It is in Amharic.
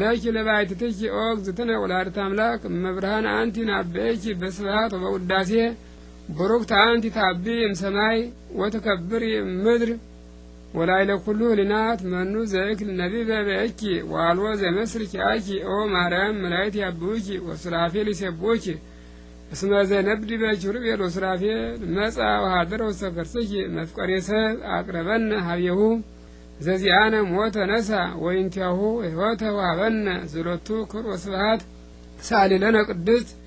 ለኪ ለባይትትኪ ኦግ ዝትነ ወላዲተ አምላክ መብርሃን አንቲ ናብኪ በስብሐት ወበውዳሴ ብሩክት አንቲ ታቢ እምሰማይ ወትከብር ምድር ወላይለ ኩሉ ህሊናት መኑ ዘእክል ነቢበ በእኪ ዋልዎ ዘመስርኪ አኪ ኦ ማርያም መላእክት ያብኡኪ ወሱራፌል ይሴብኡኪ እስመ ዘነብድበ ኪሩቤል ወሱራፌል መጻ ወኀደረ ውስተ ከርስኪ መፍቀሬ ሰብ አቅረበነ ሀብየሁ ዘዚአነ ሞተ ነሳ ወይንቲያሁ ህይወተ ዋበነ ዝሎቱ ክብር ወስብሐት ሳሊለነ ቅድስት